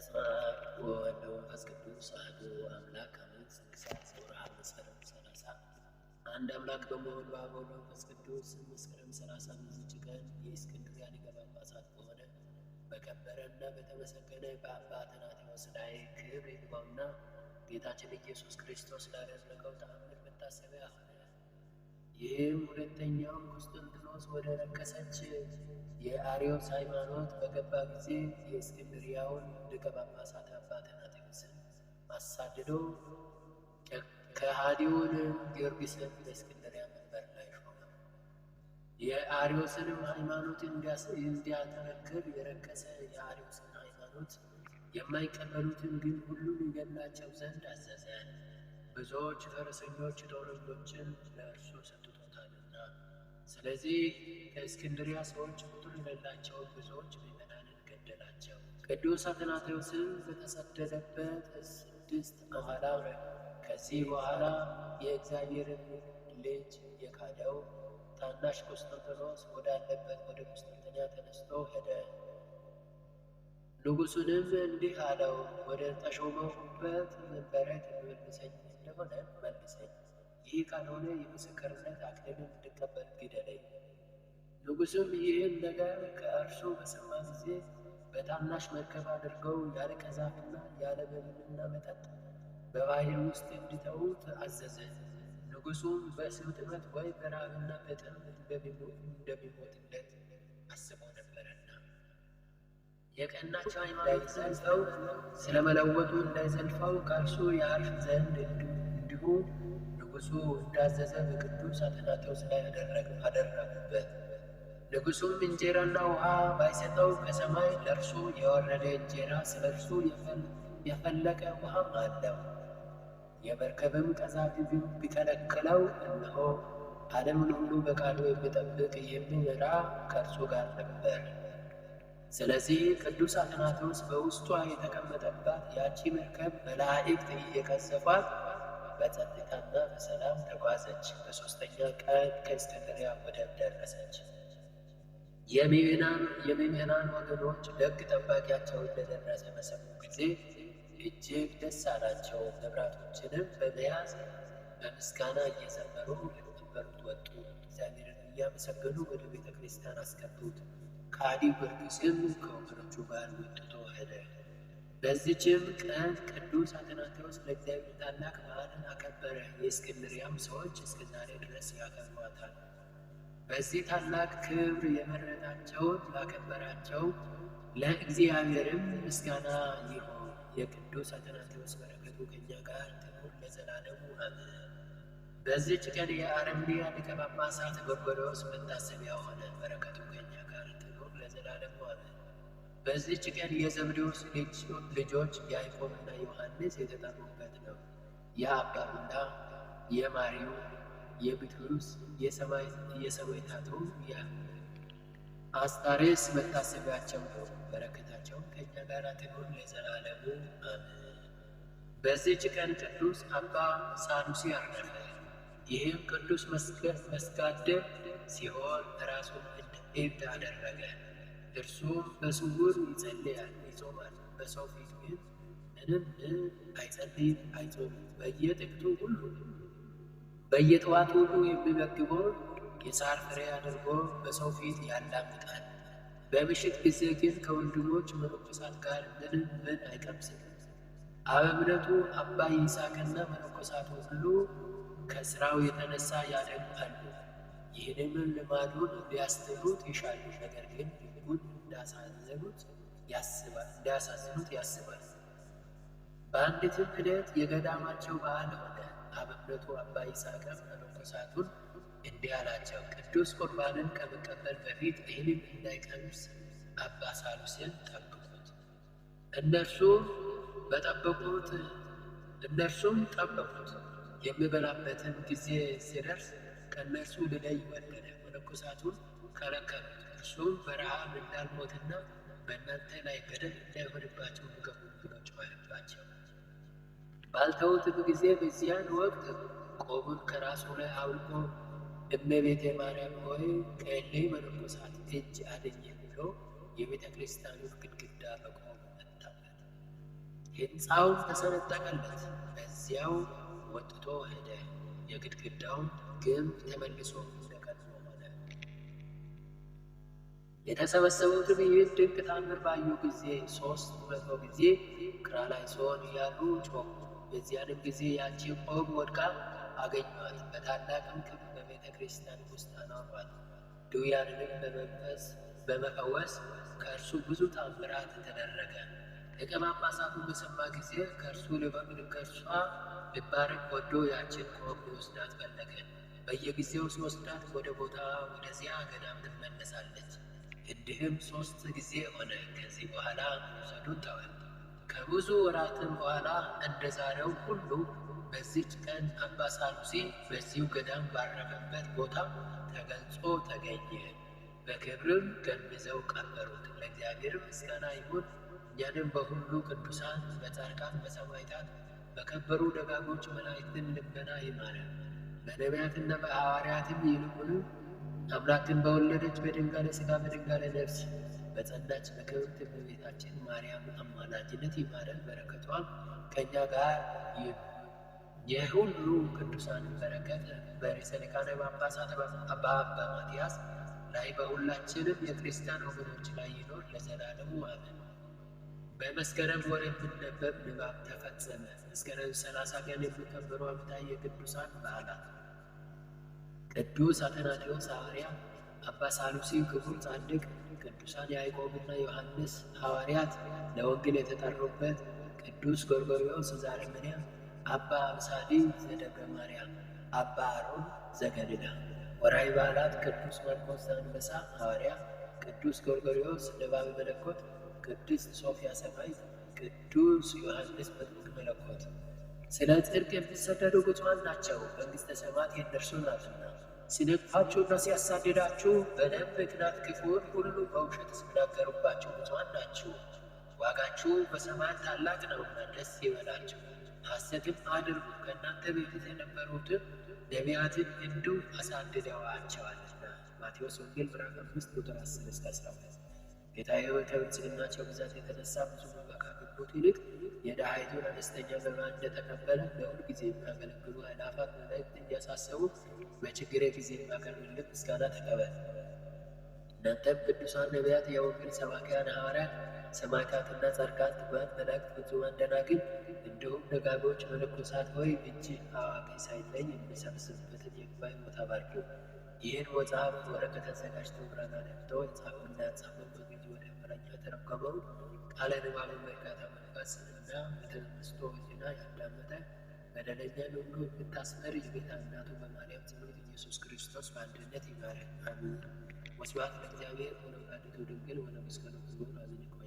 በስመ አብ ወወልድ ወመንፈስ ቅዱስ አሐዱ አምላክ አሜን። ስንክሳር ዘወርኀ መስከረም ሰላሳ አንድ አምላክ በመሆን በአብ ወልድ ወመንፈስ ቅዱስ መስከረም ሰላሳ በዚች ቀን የእስክንድርያ ሊቀ ጳጳሳት በሆነ በከበረና በተመሰገነ በአባ አትናቴዎስ ላይ ክብር ይግባውና ጌታችን ኢየሱስ ክርስቶስ ላደረገው ተአምር መታሰቢያ ሆነ። ይህም ሁለተኛው ቁስጥንጥኖስ ወደ ረከሰች የአርዮስ ሃይማኖት በገባ ጊዜ የእስክንድሪያውን ሊቀ ጳጳሳት አባ አትናቴዎስን አሳድደው ከሃዲውን ጊዮርጊስን በእስክንድሪያ መንበር ላይ ሾመ። የአርዮስንም ሃይማኖት እንዲያጠነክር የረከሰ የአርዮስን ሃይማኖት የማይቀበሉትን ግን ሁሉን ይገላቸው ዘንድ አዘዘ። ብዙዎች ፈረሰኞች፣ ተወረኞችን ለእርሱ ሰጡ። ስለዚህ ከእስክንድሪያ ሰዎች ቁጥር የሌላቸውን ብዙዎች ምዕመናንን ገደላቸው። ቅዱስ አትናቴዎስም በተሰደደበት ስድስት በኋላ ከዚህ በኋላ የእግዚአብሔርን ልጅ የካደው ታናሽ ቆስጠንጢኖስ ወዳለበት ወደ ቁስጥንጥንያ ተነስቶ ሄደ። ንጉሱንም እንዲህ አለው፣ ወደ ተሾመሁበት መንበረ ትመልሰኝ እንደሆነ መልሰኝ ይህ ካልሆነ የምስክርነት አክሊልን እንድቀበል ግደለኝ። ንጉስም ይህን ነገር ከእርሱ በሰማ ጊዜ በታናሽ መርከብ አድርገው ያለ ቀዛፍና ያለ መብልና መጠጥ በባህር ውስጥ እንዲተዉት አዘዘ። ንጉሡም በስብጥበት ወይ በራብና በጥም እንደሚሞትለት አስቦ ነበረና የቀናቸው እንዳይዘልፈው ስለመለወጡ እንዳይዘልፈው ከእርሱ የአርፍ ዘንድ እንዲሁ ንጉሡ እንዳዘዘ በቅዱስ አትናቴዎስ ላይ አደረጉበት። ንጉሡም እንጀራና ውሃ ባይሰጠው ከሰማይ ለእርሱ የወረደ እንጀራ ስለ እርሱ የፈለቀ ውሃም አለው። የመርከብም ቀዛፊ ቢከለክለው እነሆ ዓለምን ሁሉ በቃሉ የሚጠብቅ የሚመራ ከእርሱ ጋር ነበር። ስለዚህ ቅዱስ አትናቴዎስ በውስጧ የተቀመጠባት ያቺ መርከብ መላእክት እየቀዘፏት በጸጥታ በሰላም ተጓዘች። በሶስተኛ ቀን ከእስክንድርያ ወደብ ደረሰች። የሜሜናን ወገኖች ደግ ጠባቂያቸው እንደደረሰ በሰሙ ጊዜ እጅግ ደስ አላቸው። መብራቶችንም በመያዝ በምስጋና እየዘመሩ ሊቀበሉት ወጡ። እግዚአብሔርን እያመሰገኑ ወደ ቤተ ክርስቲያን አስገቡት። ከአዲ ወርቅስም ከወገኖቹ ጋር ወጥቶ ሄደ። በዚችም ቀን ቅዱስ አትናቴዎስ ለእግዚአብሔር ታላቅ በዓልን አከበረ። የእስክንድርያም ሰዎች እስከ ዛሬ ድረስ ያከብሯታል። በዚህ ታላቅ ክብር የመረጣቸው ላከበራቸው ለእግዚአብሔርም ምስጋና ይሁን። የቅዱስ አትናቴዎስ በረከቱ ከኛ ጋር ትኑር ለዘላለሙ አሜን። በዚች ቀን የአረምንያ ሊቀ ጳጳሳት ጎርጎርዮስ መታሰቢያ ሆነ። በረከቱ ከኛ ጋር ትኑር ለዘላለሙ አሜን። በዚህች ቀን የዘብዴዎስ ልጆች ያዕቆብና ዮሐንስ የተጠሩበት ነው። የአባቡና የማሪው የቢትሩስ የሰማዕታቱ የአስጣሬስ መታሰቢያቸው ነው። በረከታቸው ከእኛ ጋር ትኑር ለዘላለሙ አሜን። በዚህች ቀን ቅዱስ አባ ሳኑሲ አረፈ። ይህም ቅዱስ መስጋደ ሲሆን ራሱን እንደ እብድ አደረገ። እርሱ በስውር ይጸልያል ይጾማል፣ በሰው ፊት ግን ምንም አይጸልይም አይጾምም። በየጥቅቱ ሁሉ በየጠዋት ሁሉ የሚመግበውን የሳር ፍሬ አድርጎ በሰው ፊት ያላምጣል። በምሽት ጊዜ ግን ከወንድሞች መነኮሳት ጋር ምንም ምን አይቀምስም። አበምነቱ አባ ይስሐቅና መነኮሳቱ ሁሉ ከስራው የተነሳ ያደርጋሉ። የደመን ልማዱን ሊያስጥሉት ይሻሉ፣ ነገር ግን ይልቁን እንዳሳዘኑት ያስባል። በአንዲትም ዕለት የገዳማቸው በዓል ሆነ። አበበቱ አባ ይስሐቅም መነኮሳቱን እንዲህ አላቸው፣ ቅዱስ ቁርባንን ከመቀበል በፊት ይህንን እንዳይቀምስ አባ ሳሉስን ጠብቁት። እነርሱ በጠበቁት እነርሱም ጠበቁት። የምበላበትን ጊዜ ሲደርስ ከእነርሱ ሊለይ ወደደ። መነኮሳቱን ከለከሉት። እርሱም በረሃብ እንዳልሞትና በእናንተ ላይ በደል እንዳይሆንባቸው ምገቡ ብሎ ጮኸባቸው። ባልተውትም ጊዜ በዚያን ወቅት ቆቡን ከራሱ ላይ አውልቆ እመቤቴ ማርያም ሆይ ከእለይ መነኮሳት እጅ አድኝ ብሎ የቤተ ክርስቲያኑን ግድግዳ በቆቡ መታበት። ሕንፃውን ተሰነጠቀለት። በዚያው ወጥቶ ሄደ። የግድግዳውን ግንብ ተመልሶ ተቀርጾ ሆነ። የተሰበሰቡትም ይህን ድንቅ ታምር ባዩ ጊዜ ሦስት መቶ ጊዜ ክራላይሶን እያሉ ጮኹ። በዚያንም ጊዜ ያቺ ቆብ ወድቃ አገኟት። በታላቅም ክብ በቤተ ክርስቲያን ውስጥ አኗሯት። ድውያንንም በመንፈስ በመፈወስ ከእርሱ ብዙ ታምራት ተደረገ። ደቀ ጳጳሳቱ በሰማ ጊዜ ከእርሱ ከእርሷ ልባረክ ወዶ ያችን ቆብ ወስዳት ፈለገ። በየጊዜው ሲወስዳት ወደ ቦታ ወደዚያ ገዳም ትመለሳለች። እንዲህም ሶስት ጊዜ ሆነ። ከዚህ በኋላ መውሰዱን ተወ። ከብዙ ወራትም በኋላ እንደ ዛሬው ሁሉ በዚች ቀን አባ ሳኑሲ በዚሁ ገዳም ባረፈበት ቦታ ተገልጾ ተገኘ። በክብርም ገንዘው ቀበሩት። ለእግዚአብሔር ምስጋና ይሁን። እኛንም በሁሉ ቅዱሳን፣ በጻድቃን፣ በሰማዕታት፣ በከበሩ ደጋጎች መላእክትን ልመና ይማረን። በነቢያትና በሐዋርያትም ይልቁንም አምላክን በወለደች በድንጋለ ሥጋ በድንጋለ ነፍስ በጸናች በክብርት እመቤታችን ማርያም አማላጅነት ይማረን። በረከቷም ከእኛ ጋር ይሁን። የሁሉ ቅዱሳን በረከት በርዕሰ ሊቃነ ጳጳሳት አባ ማትያስ ላይ በሁላችንም የክርስቲያን ወገኖች ላይ ይኖር ለዘላለሙ አሜን። በመስከረም ወር የሚነበብ ንባብ ተፈጸመ። መስከረም ሰላሳ ቀን የሚከበሩ ዓመታዊ የቅዱሳን በዓላት ቅዱስ አትናቴዎስ ሐዋርያ፣ አባ ሳሉሲ ክቡር ጻድቅ፣ ቅዱሳን ያዕቆብና ዮሐንስ ሐዋርያት ለወንጌል የተጠሩበት፣ ቅዱስ ጎርጎርዮስ ዘአርመንያ፣ አባ አብሳዲ ዘደብረ ማርያም፣ አባ አሮን ዘገሊላ። ወርኃዊ በዓላት ቅዱስ ማርቆስ ዘአንበሳ ሐዋርያ፣ ቅዱስ ጎርጎርዮስ ነባቤ መለኮት፣ ቅድስት ሶፊያ ሰማዕት፣ ቅዱስ ዮሐንስ መጥምቅ መለኮት ስለ ጽድቅ የሚሰደዱ ብፁዓን ናቸው፣ መንግሥተ ሰማያት የእነርሱ ናትና። ሲነቅፋችሁና ሲያሳድዳችሁ በደም ምክንያት ክፉን ሁሉ በውሸት ሲናገሩባችሁ ብፁዓን ናችሁ፣ ዋጋችሁ በሰማያት ታላቅ ነውና ደስ ይበላችሁ። ሐሰትም አድርጉ፣ ከእናንተ በፊት የነበሩትም ነቢያትን እንዱ አሳድደዋቸዋልና። ማቴዎስ ወንጌል ምዕራፍ አምስት ቁጥር አስር እስከ አስራ ሁለት ጌታ ጌታዬ በተብጽልናቸው ብዛት የተነሳ ብዙ ነገር ከሚያደርጉት ይልቅ የድሃይቱን አነስተኛ መባ እንደተቀበለ ለሁል ጊዜ የሚያገለግሉ አእላፋት መላእክት እያሳሰቡ በችግሬ ጊዜ የማቀርብልህ ምስጋና ተቀበል። እናንተም ቅዱሳን ነቢያት፣ የወንጌል ሰባኪያን ሐዋርያት፣ ሰማዕታትና ጻድቃን፣ ትጉሃን መላእክት፣ ፍጹማን ደናግል እንዲሁም ደጋጎች መነኮሳት ሆይ እጅ አዋቂ ሳይለይ የምንሰበሰብበትን የጉባኤ ቦታ ባርኩ። ይህን መጽሐፍ ወረቀት አዘጋጅተው ብራና ደፍተው የጻፉና ያጻፉ በግዕዝ ወደ ዕብራይኛ ተረጎመው አለንባለ መርካታ መንፈስ እና ምድር በተመስጦ ሕሊና ያዳመጠ በደለኛ ሁሉ የምታስምር የጌታ እናቱ በማርያም ጸሎት ኢየሱስ ክርስቶስ በአንድነት ይማረን። አሜን። ወስብሐት ለእግዚአብሔር ወለወላዲቱ ድንግል ወለመስቀሉ ክቡር።